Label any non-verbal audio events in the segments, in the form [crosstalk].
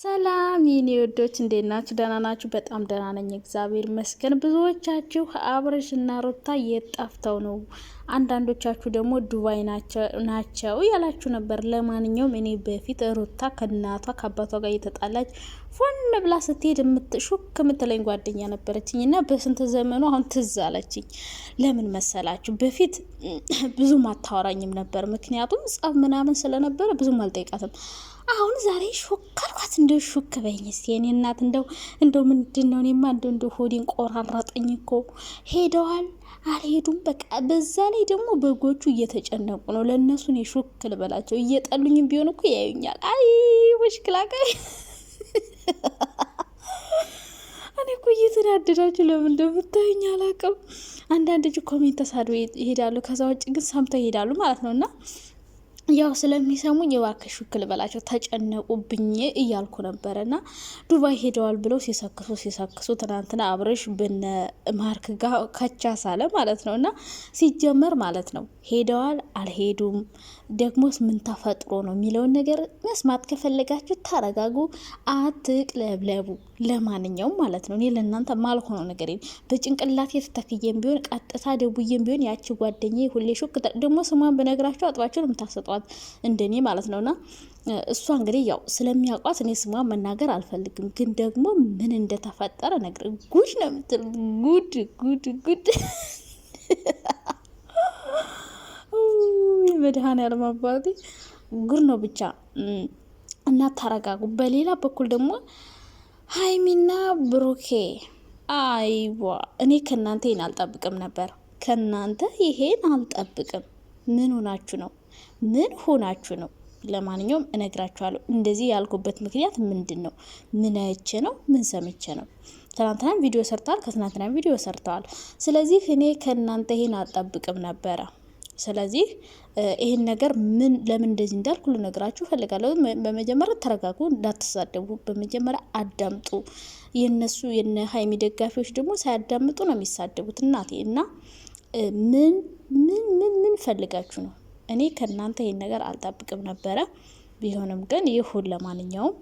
ሰላም ይህኔ ወዶች እንዴት ናችሁ? ደህና ናችሁ? በጣም ደህና ነኝ፣ እግዚአብሔር ይመስገን። ብዙዎቻችሁ አብርሽ እና ሩታ የት ጠፍተው ነው አንዳንዶቻችሁ ደግሞ ዱባይ ናቸው ያላችሁ ነበር። ለማንኛውም እኔ በፊት ሩታ ከእናቷ ከአባቷ ጋር እየተጣላች ፎን ብላ ስትሄድ ሹክ የምትለኝ ጓደኛ ነበረችኝ እና በስንት ዘመኑ አሁን ትዝ አለችኝ። ለምን መሰላችሁ? በፊት [clears throat] ብዙም አታወራኝም ነበር፣ ምክንያቱም ጸብ ምናምን ስለነበረ ብዙም አልጠይቃትም። አሁን ዛሬ ሹክ አልኳት። እንደ ሹክ በይኝ እስኪ የኔ እናት፣ እንደው እንደው ምንድን ነው እኔማ እንደ እንደ ሆዴን ቆራረጠኝ እኮ ሄደዋል አልሄዱም። በቃ በዛ ላይ ደግሞ በጎቹ እየተጨነቁ ነው። ለእነሱ እኔ ሹክ ልበላቸው። እየጠሉኝም ቢሆን እኮ ያዩኛል። አይ ሙሽክላ ቀይ እኔ እኮ እየተናደዳችሁ ለምን እንደምታዩኝ አላውቅም። አንዳንድ እጅ ኮሜንት ተሳድበው ይሄዳሉ። ከዛ ውጭ ግን ሰምተው ይሄዳሉ ማለት ነው እና ያው ስለሚሰሙኝ የባክሽ ውክል በላቸው ተጨነቁብኝ እያልኩ ነበረ እና ዱባይ ሄደዋል ብለው ሲሰክሱ ሲሰክሱ ትናንትና አብረሽ ብነ ማርክ ጋር ከቻ ሳለ ማለት ነው። እና ሲጀመር ማለት ነው ሄደዋል አልሄዱም፣ ደግሞስ ምን ተፈጥሮ ነው የሚለውን ነገር መስማት ከፈለጋችሁ ተረጋጉ አትቅለብለቡ። ለማንኛውም ማለት ነው እኔ ለእናንተ ማልሆነው ነገር በጭንቅላት የተተክየም ቢሆን ቀጥታ ደቡዬም ቢሆን ያቺ ጓደኛ ሁሌ ሹክ ደግሞ ስሟን ብነግራችሁ አጥባችሁ የምታሰጧት እንደኔ ማለት ነውና እሷ እንግዲህ ያው ስለሚያውቋት እኔ ስሟ መናገር አልፈልግም፣ ግን ደግሞ ምን እንደተፈጠረ ነገር ጉድ ነው የምትል ጉድ ጉድ ጉድ። መድኃኔዓለም አባቴ ጉድ ነው ብቻ። እና ታረጋጉ። በሌላ በኩል ደግሞ ሀይሚና ብሩኬ አይዋ፣ እኔ ከእናንተ ይህን አልጠብቅም ነበር። ከእናንተ ይሄን አልጠብቅም። ምን ሆናችሁ ነው? ምን ሆናችሁ ነው? ለማንኛውም እነግራችኋለሁ። እንደዚህ ያልኩበት ምክንያት ምንድን ነው? ምን አይቼ ነው? ምን ሰምቼ ነው? ትናንትናም ቪዲዮ ሰርተዋል፣ ከትናንትናም ቪዲዮ ሰርተዋል። ስለዚህ እኔ ከእናንተ ይሄን አልጠብቅም ነበረ። ስለዚህ ይህን ነገር ምን ለምን እንደዚህ እንዳልኩ ልነግራችሁ እፈልጋለሁ። በመጀመሪያ ተረጋጉ፣ እንዳትሳደቡ። በመጀመሪያ አዳምጡ። የነሱ የነ ሀይሚ ደጋፊዎች ደግሞ ሳያዳምጡ ነው የሚሳደቡት። እናቴ እና ምን ምን ምን ምን ፈልጋችሁ ነው እኔ ከእናንተ ይህን ነገር አልጠብቅም ነበረ። ቢሆንም ግን ይሁን። ለማንኛውም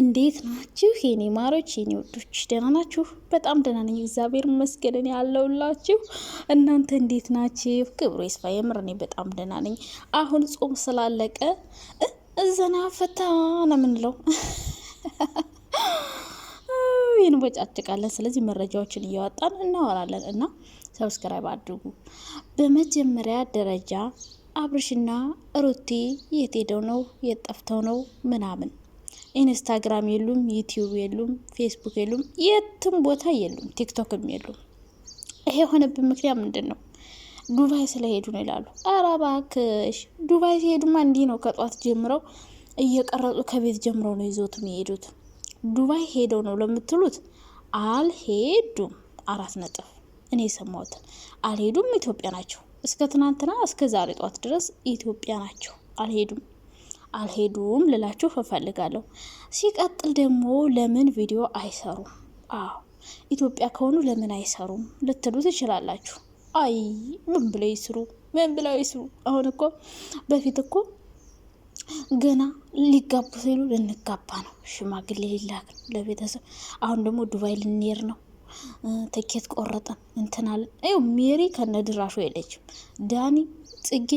እንዴት ናችሁ የኔ ማሮች የኔ ወዶች? ደህና ናችሁ? በጣም ደህና ነኝ፣ እግዚአብሔር ይመስገን ያለውላችሁ። እናንተ እንዴት ናችሁ? ክብሩ ይስፋ። የምር እኔ በጣም ደህና ነኝ። አሁን ጾም ስላለቀ ዘና ፈታ ነው የምንለው። [laughs] እንቦጫጭቃለን። ስለዚህ መረጃዎችን እያወጣን እናወራለን እና ሰብስክራይብ አድርጉ። በመጀመሪያ ደረጃ አብርሽና ሩቲ የት ሄደው ነው የት ጠፍተው ነው ምናምን ኢንስታግራም የሉም፣ ዩቲዩብ የሉም፣ ፌስቡክ የሉም፣ የትም ቦታ የሉም፣ ቲክቶክም የሉም። ይሄ የሆነብን ምክንያት ምንድን ነው? ዱባይ ስለሄዱ ነው ይላሉ። ኧረ እባክሽ ዱባይ ሲሄዱማ እንዲህ ነው። ከጧት ጀምረው እየቀረጹ ከቤት ጀምረው ነው ይዞት የሄዱት። ዱባይ ሄደው ነው ለምትሉት አልሄዱም። አራት ነጥብ እኔ የሰማሁትን አልሄዱም። ኢትዮጵያ ናቸው። እስከ ትናንትና እስከ ዛሬ ጠዋት ድረስ ኢትዮጵያ ናቸው። አልሄዱም አልሄዱም ልላችሁ እፈልጋለሁ። ሲቀጥል ደግሞ ለምን ቪዲዮ አይሰሩም? አዎ ኢትዮጵያ ከሆኑ ለምን አይሰሩም ልትሉ ትችላላችሁ። አይ ምን ብለው ይስሩ? ምን ብለው ይስሩ? አሁን እኮ በፊት እኮ ገና ሊጋቡ ሲሉ ልንጋባ ነው፣ ሽማግሌ ሊላክ ነው ለቤተሰብ። አሁን ደግሞ ዱባይ ልንሄድ ነው፣ ትኬት ቆረጠን እንትናለን። ይኸው ሜሪ ከነድራሹ የለችም። ዳኒ ጽጌ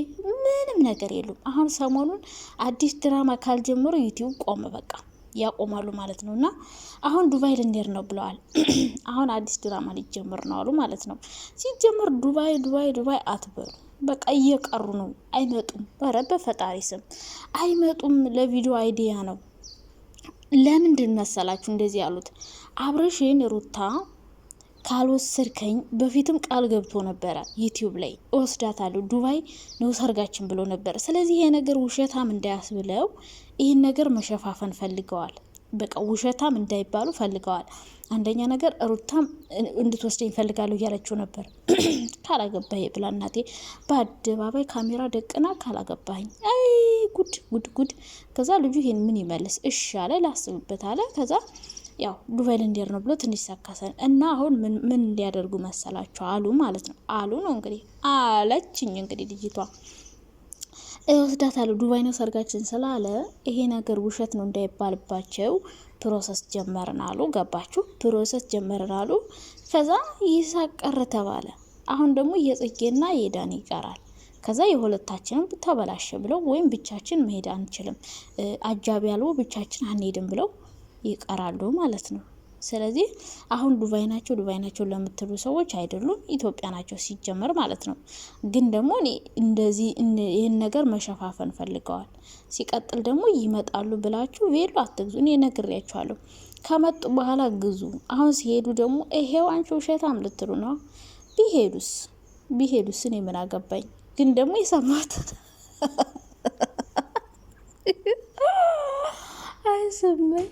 ምንም ነገር የሉም። አሁን ሰሞኑን አዲስ ድራማ ካልጀመሩ ዩቲዩብ ቆመ በቃ። ያቆማሉ ማለት ነው እና አሁን ዱባይ ልንሄድ ነው ብለዋል። [clears throat] አሁን አዲስ ድራማ ሊጀምር ነው አሉ ማለት ነው። ሲጀምር ዱባይ ዱባይ ዱባይ አትበሉ። በቃ እየቀሩ ነው፣ አይመጡም። ኧረ በፈጣሪ ስም አይመጡም። ለቪዲዮ አይዲያ ነው። ለምንድን መሰላችሁ እንደዚህ ያሉት አብረሽን ሩታ ካልወሰድከኝ በፊትም ቃል ገብቶ ነበረ ዩቲዩብ ላይ እወስዳታለሁ ዱባይ ነው ሰርጋችን ብሎ ነበር። ስለዚህ ይሄ ነገር ውሸታም እንዳያስብለው ይህን ነገር መሸፋፈን ፈልገዋል። በቃ ውሸታም እንዳይባሉ ፈልገዋል። አንደኛ ነገር ሩታም እንድትወስደኝ ፈልጋለሁ እያለችው ነበር። [clears throat] ካላገባህ ብላ እናቴ በአደባባይ ካሜራ ደቅና ካላገባኝ አይ ጉድ ጉድ ጉድ። ከዛ ልጁ ይሄን ምን ይመልስ እሻለ ላስብበት አለ። ከዛ ያው ዱባይ ልንሄድ ነው ብሎ ትንሽ ሰከሰን እና አሁን ምን ሊያደርጉ መሰላቸው አሉ ማለት ነው አሉ ነው እንግዲህ አለችኝ እንግዲህ ልጅቷ እወስዳታለሁ ዱባይ ነው ሰርጋችን ስላለ ይሄ ነገር ውሸት ነው እንዳይባልባቸው ፕሮሰስ ጀመርን አሉ። ገባችሁ? ፕሮሰስ ጀመርን አሉ። ከዛ ይሳቅ ቀረ ተባለ። አሁን ደግሞ የጽጌና የዳን ይቀራል። ከዛ የሁለታችንም ተበላሸ ብለው ወይም ብቻችን መሄድ አንችልም፣ አጃቢ ያልቦ ብቻችን አንሄድም ብለው ይቀራሉ ማለት ነው። ስለዚህ አሁን ዱባይ ናቸው ዱባይ ናቸው ለምትሉ ሰዎች አይደሉም፣ ኢትዮጵያ ናቸው ሲጀመር ማለት ነው። ግን ደግሞ እኔ እንደዚህ ይህን ነገር መሸፋፈን ፈልገዋል። ሲቀጥል ደግሞ ይመጣሉ ብላችሁ ቬሎ አትግዙ። እኔ ነግሬያችኋለሁ። ከመጡ በኋላ ግዙ። አሁን ሲሄዱ ደግሞ ይሄው አንቺ ውሸታም ልትሉ ነው። ቢሄዱስ ቢሄዱስ እኔ ምን አገባኝ? ግን ደግሞ የሰማት [laughs] አይስመኝ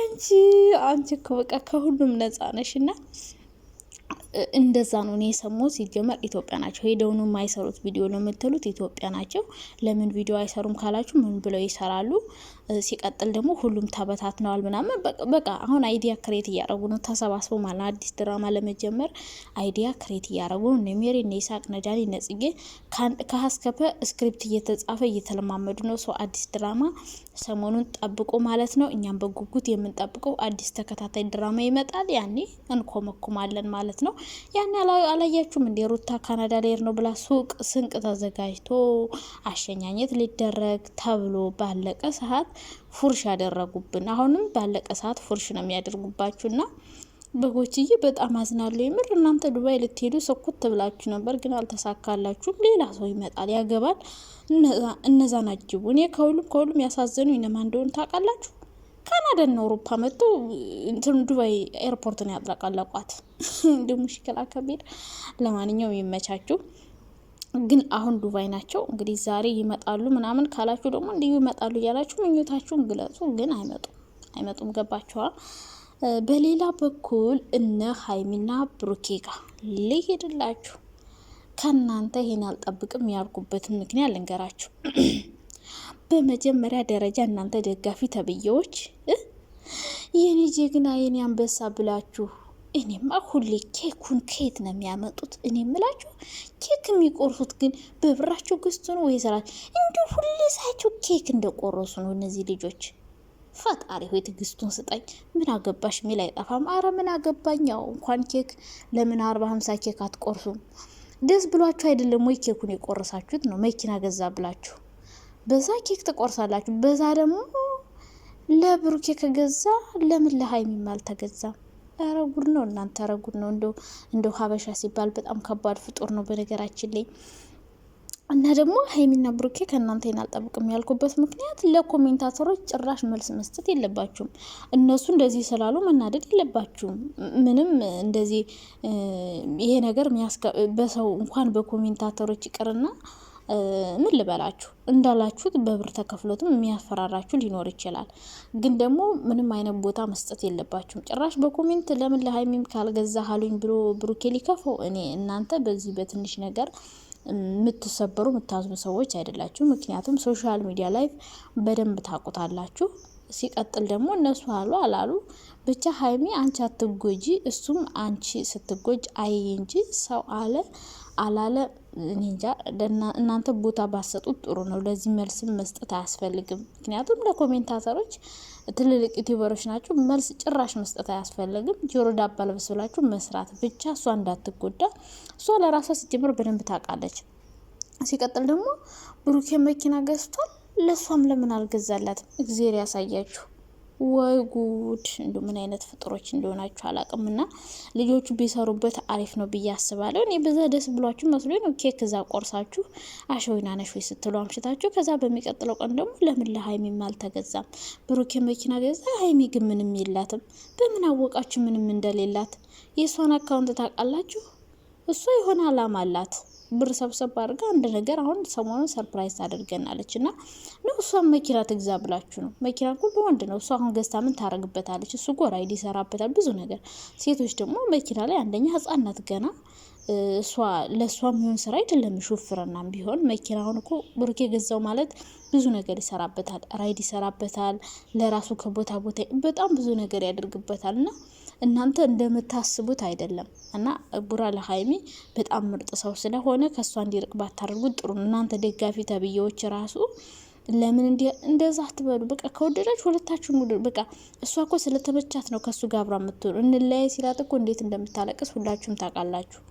አንቺ አንቺ እኮ በቃ ከሁሉም ነጻ ነሽ እና እንደዛ ነው እኔ የሰማሁት። ሲጀመር ኢትዮጵያ ናቸው ሄደው የማይሰሩት ቪዲዮ ነው የምትሉት ኢትዮጵያ ናቸው። ለምን ቪዲዮ አይሰሩም ካላችሁ ምን ብለው ይሰራሉ? ሲቀጥል ደግሞ ሁሉም ተበታትነዋል ምናምን በቃ አሁን አይዲያ ክሬት እያረጉ ነው ተሰባስበው ማለት አዲስ ድራማ ለመጀመር አይዲያ ክሬት እያረጉ ነው። እነ ሜሪ እነ ነጽጌ ከሀስከፈ ስክሪፕት እየተጻፈ እየተለማመዱ ነው። ሰው አዲስ ድራማ ሰሞኑን ጠብቆ ማለት ነው። እኛም በጉጉት የምንጠብቀው አዲስ ተከታታይ ድራማ ይመጣል። ያኔ እንኮመኩማለን ማለት ነው። ያኔ አላያችሁም እንዴ? ሩታ ካናዳ ሌር ነው ብላ ሱቅ ስንቅ ተዘጋጅቶ አሸኛኘት ሊደረግ ተብሎ ባለቀ ሰዓት ፉርሽ ያደረጉብን። አሁንም ባለቀ ሰዓት ፉርሽ ነው የሚያደርጉባችሁና በጎችዬ በጣም አዝናለሁ። የምር እናንተ ዱባይ ልትሄዱ ሰኩት ትብላችሁ ነበር፣ ግን አልተሳካላችሁም። ሌላ ሰው ይመጣል ያገባል። እነዛን አጅቡ። እኔ ከሁሉም ከሁሉም ያሳዘኑ እነማን እንደሆነ ታውቃላችሁ? ካናዳና አውሮፓ መጡ እንትን ዱባይ ኤርፖርትን ያጥለቀለቋት እንደ ሙሽክላ ከቤድ ለማንኛውም ይመቻችሁ። ግን አሁን ዱባይ ናቸው። እንግዲህ ዛሬ ይመጣሉ ምናምን ካላችሁ ደግሞ እንዲሁ ይመጣሉ እያላችሁ ምኞታችሁን ግለጹ። ግን አይመጡም አይመጡም። ገባችኋል? በሌላ በኩል እነ ሀይሚና ብሩኬ ጋር ልሄድላችሁ። ከእናንተ ይሄን አልጠብቅም ያልኩበትን ምክንያት ልንገራችሁ። [clears throat] በመጀመሪያ ደረጃ እናንተ ደጋፊ ተብዬዎች የኔ ጀግና የኔ አንበሳ ብላችሁ እኔማ ሁሌ ኬኩን ከየት ነው የሚያመጡት? እኔ ምላችሁ ኬክ የሚቆርሱት ግን በብራቸው ገዝቶ ነው ወይ ስራ እንዲ ሁሌ ሳያቸው ኬክ እንደቆረሱ ነው እነዚህ ልጆች። ፈጣሪ ሆይ ትዕግስቱን ስጠኝ። ምን አገባሽ ሚል አይጠፋም። አረ ምን አገባኝ። ያው እንኳን ኬክ ለምን አርባ ሀምሳ ኬክ አትቆርሱም? ደስ ብሏችሁ አይደለም ወይ ኬኩን የቆረሳችሁት? ነው መኪና ገዛ ብላችሁ በዛ ኬክ ትቆርሳላችሁ። በዛ ደግሞ ለብሩኬ ከገዛ ለምን ለሀይሚም አልተገዛም? ኧረ ጉድ ነው እናንተ! ኧረ ጉድ ነው እንደው ሀበሻ ሲባል በጣም ከባድ ፍጡር ነው በነገራችን ላይ እና ደግሞ ሀይሚና ብሩኬ ከእናንተ ይን አልጠብቅም ያልኩበት ምክንያት ለኮሜንታተሮች ጭራሽ መልስ መስጠት የለባችሁም። እነሱ እንደዚህ ስላሉ መናደድ የለባችሁም። ምንም እንደዚህ ይሄ ነገር በሰው እንኳን በኮሜንታተሮች ይቅርና ምን ልበላችሁ እንዳላችሁት በብር ተከፍሎትም የሚያፈራራችሁ ሊኖር ይችላል። ግን ደግሞ ምንም አይነት ቦታ መስጠት የለባችሁም። ጭራሽ በኮሜንት ለምን ለሀይሚም ካልገዛ ሀሉኝ ብሎ ብሩኬ ሊከፈው እኔ እናንተ በዚህ በትንሽ ነገር የምትሰበሩ የምታዝኑ ሰዎች አይደላችሁ። ምክንያቱም ሶሻል ሚዲያ ላይ በደንብ ታውቁታላችሁ። ሲቀጥል ደግሞ እነሱ አሉ አላሉ ብቻ ሀይሚ አንቺ አትጎጂ፣ እሱም አንቺ ስትጎጅ አይ እንጂ ሰው አለ አላለ እንጃ። እናንተ ቦታ ባሰጡት ጥሩ ነው። ለዚህ መልስ መስጠት አያስፈልግም። ምክንያቱም ለኮሜንታተሮች ትልልቅ ዩቲዩበሮች ናቸው። መልስ ጭራሽ መስጠት አያስፈልግም። ጆሮ ዳባ ብላችሁ መስራት ብቻ እሷ እንዳትጎዳ። እሷ ለራሷ ሲጀምር በደንብ ታውቃለች። ሲቀጥል ደግሞ ብሩኬ መኪና ገዝቷል። ለእሷም ለምን አልገዛላትም? እግዜር ያሳያችሁ። ወይ ጉድ! እንዲ ምን አይነት ፍጥሮች እንደሆናችሁ አላቅም። ና ልጆቹ ቢሰሩበት አሪፍ ነው ብዬ አስባለሁ። እኔ በዛ ደስ ብሏችሁ መስሎ ነው ኬክ እዛ ቆርሳችሁ አሸወይን ወይ ስትሉ አምሽታችሁ፣ ከዛ በሚቀጥለው ቀን ደግሞ ለምን ለሀይሚም አልተገዛም? ብሩኬ መኪና ገዛ፣ ሀይሚ ግን ምንም የላትም። በምን አወቃችሁ ምንም እንደሌላት? የእሷን አካውንት ታውቃላችሁ። እሷ የሆነ አላማ አላት። ብር ሰብሰብ አድርጋ አንድ ነገር አሁን ሰሞኑን ሰርፕራይዝ ታደርገናለች እና ነው እሷን መኪና ትግዛ ብላችሁ ነው። መኪና ሁሉ ወንድ ነው። እሷ አሁን ገዝታ ምን ታደርግበታለች? እሱ ጎራ ይሰራበታል ብዙ ነገር። ሴቶች ደግሞ መኪና ላይ አንደኛ ህጻናት ገና እሷ ለእሷ የሚሆን ስራ አይደለም። ሹፍርናም ቢሆን መኪና አሁን እኮ ብሩኬ ገዛው ማለት ብዙ ነገር ይሰራበታል፣ ራይድ ይሰራበታል፣ ለራሱ ከቦታ ቦታ በጣም ብዙ ነገር ያደርግበታል እና እናንተ እንደምታስቡት አይደለም። እና ቡራ ለሀይሚ በጣም ምርጥ ሰው ስለሆነ ከእሷ እንዲርቅ ባታደርጉት ጥሩ ነው። እናንተ ደጋፊ ተብዬዎች ራሱ ለምን እንዲ እንደዛ ትበሉ በቃ ከወደዳች ሁለታችሁ ውደዱ። በቃ እሷ እኮ ስለተመቻት ነው ከእሱ ጋር አብራ የምትሆኑ። እንለያይ ሲላት እኮ እንዴት እንደምታለቅስ ሁላችሁም ታውቃላችሁ።